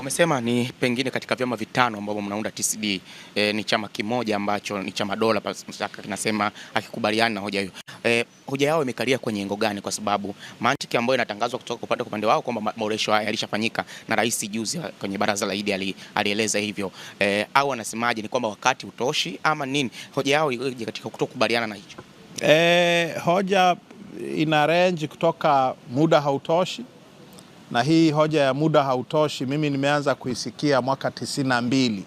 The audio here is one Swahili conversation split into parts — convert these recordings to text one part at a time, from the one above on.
Umesema ni pengine katika vyama vitano ambavyo mnaunda TCD e, eh, ni chama kimoja ambacho ni chama dola kinasema akikubaliana na hoja hiyo. E, hoja yao imekalia kwenye engo gani? Kwa sababu mantiki ambayo inatangazwa kutoka upande upande wao kwamba maboresho haya yalishafanyika na rais juzi kwenye baraza la Idi alieleza hivyo e, au anasemaje? Ni kwamba wakati utoshi ama nini? Hoja yao ije katika kutokubaliana na hicho e, hoja ina range kutoka muda hautoshi na hii hoja ya muda hautoshi, mimi nimeanza kuisikia mwaka tisini na mbili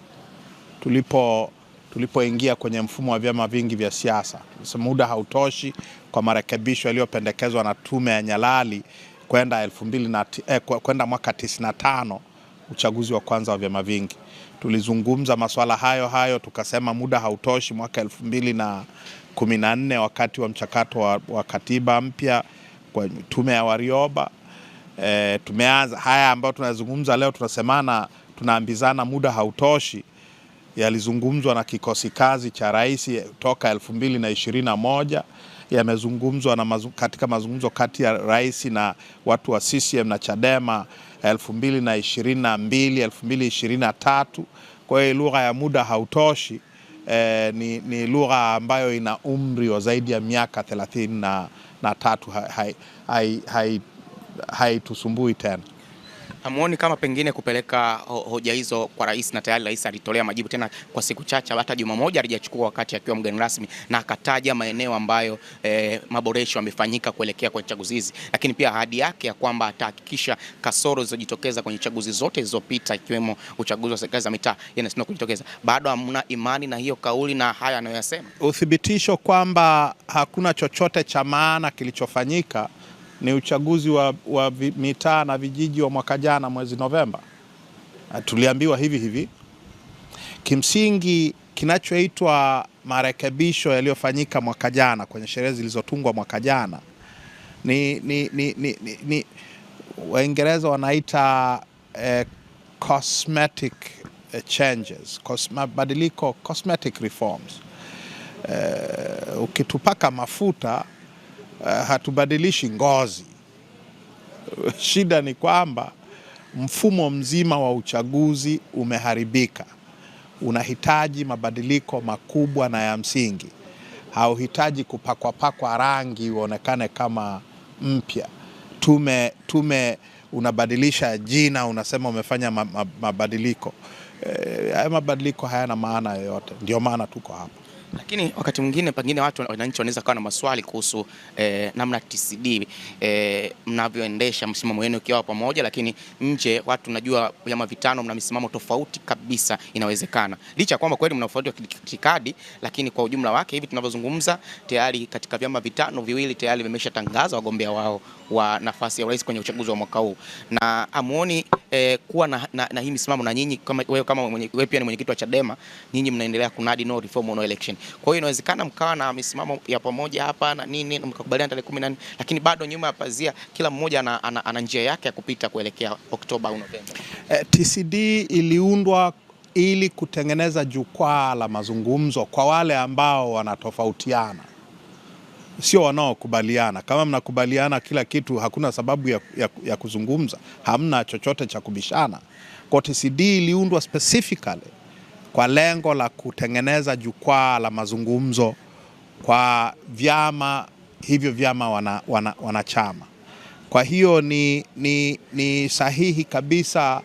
tulipo tulipoingia kwenye mfumo wa vyama vingi vya siasa. Muda hautoshi kwa marekebisho yaliyopendekezwa na tume ya Nyalali kwenda elfu mbili na eh, kwenda mwaka 95 uchaguzi wa kwanza wa vyama vingi. Tulizungumza masuala hayo hayo, tukasema muda hautoshi mwaka elfu mbili na kumi na nne wakati wa mchakato wa, wa katiba mpya kwa tume ya Warioba e, tumeanza haya ambayo tunazungumza leo, tunasemana, tunaambizana muda hautoshi, yalizungumzwa na kikosi kazi cha rais eh, toka elfu mbili na ishirini na moja yamezungumzwa na mazu, katika mazungumzo kati ya rais na watu wa CCM na Chadema elfu mbili na ishirini na mbili na tatu Kwa hiyo lugha ya muda hautoshi eh, ni, ni lugha ambayo ina umri wa zaidi ya miaka thelathini na, na tatu hai, hai, hai haitusumbui tena. Hamuoni kama pengine kupeleka hoja hizo kwa rais, na tayari rais alitolea majibu tena kwa siku chache, hata juma moja alijachukua wakati akiwa mgeni rasmi, na akataja maeneo ambayo e, maboresho yamefanyika kuelekea kwenye chaguzi hizi, lakini pia ahadi yake ya kwamba atahakikisha kasoro zilizojitokeza kwenye chaguzi zote zilizopita ikiwemo uchaguzi wa serikali za mitaa yanasina kujitokeza. Bado hamna imani na hiyo kauli na haya anayoyasema, uthibitisho kwamba hakuna chochote cha maana kilichofanyika ni uchaguzi wa, wa mitaa na vijiji wa mwaka jana mwezi Novemba. Ah, tuliambiwa hivi hivi. Kimsingi, kinachoitwa marekebisho yaliyofanyika mwaka jana kwenye sherehe zilizotungwa mwaka jana ni, ni, ni, ni, ni, ni Waingereza wanaita eh, cosmetic eh, changes, mabadiliko cosmetic reforms. Eh, ukitupaka mafuta Eh, hatubadilishi ngozi. Shida ni kwamba mfumo mzima wa uchaguzi umeharibika, unahitaji mabadiliko makubwa na ya msingi. Hauhitaji kupakwapakwa rangi uonekane kama mpya. Tume, tume unabadilisha jina, unasema umefanya mabadiliko. Eh, haya e, mabadiliko hayana maana yoyote. Ndio maana tuko hapa. Lakini wakati mwingine pengine watu wananchi wanaweza kuwa na maswali kuhusu eh, namna TCD eh, mnavyoendesha msimamo wenu ukiwa pamoja, lakini nje watu najua vyama vitano mna misimamo tofauti kabisa, inawezekana licha ya kwamba kweli mna tofauti wa kitikadi, lakini kwa ujumla wake hivi tunavyozungumza tayari katika vyama vitano viwili tayari vimeshatangaza wagombea wao wa nafasi ya urais kwenye uchaguzi wa mwaka huu na amuoni eh, kuwa na, na, na hii misimamo na nyinyi kama wewe kama mwenye, wewe pia ni mwenyekiti wa Chadema, nyinyi mnaendelea kunadi no reform no election. Kwa hiyo inawezekana mkawa na misimamo ya pamoja hapa na nini mkakubaliana tarehe kumi na nne, lakini bado nyuma ya pazia kila mmoja ana, ana, ana njia yake ya kupita kuelekea Oktoba au Novemba. Eh, TCD iliundwa ili kutengeneza jukwaa la mazungumzo kwa wale ambao wanatofautiana, sio wanaokubaliana. Kama mnakubaliana kila kitu, hakuna sababu ya, ya, ya kuzungumza, hamna chochote cha kubishana. Kwa TCD iliundwa specifically kwa lengo la kutengeneza jukwaa la mazungumzo kwa vyama hivyo vyama wana, wana, wanachama. Kwa hiyo ni, ni, ni sahihi kabisa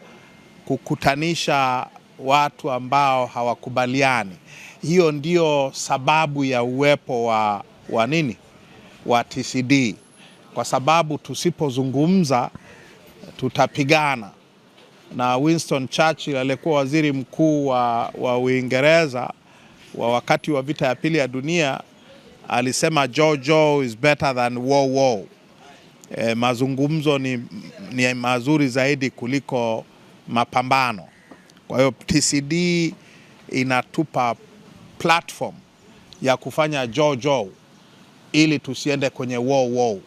kukutanisha watu ambao hawakubaliani. Hiyo ndio sababu ya uwepo wa, wa nini wa TCD, kwa sababu tusipozungumza tutapigana na Winston Churchill aliyekuwa waziri mkuu wa, wa Uingereza wa wakati wa vita ya pili ya dunia alisema jojo is better than wow wow. E, mazungumzo ni, ni mazuri zaidi kuliko mapambano. Kwa hiyo TCD inatupa platform ya kufanya jojo ili tusiende kwenye wow wow.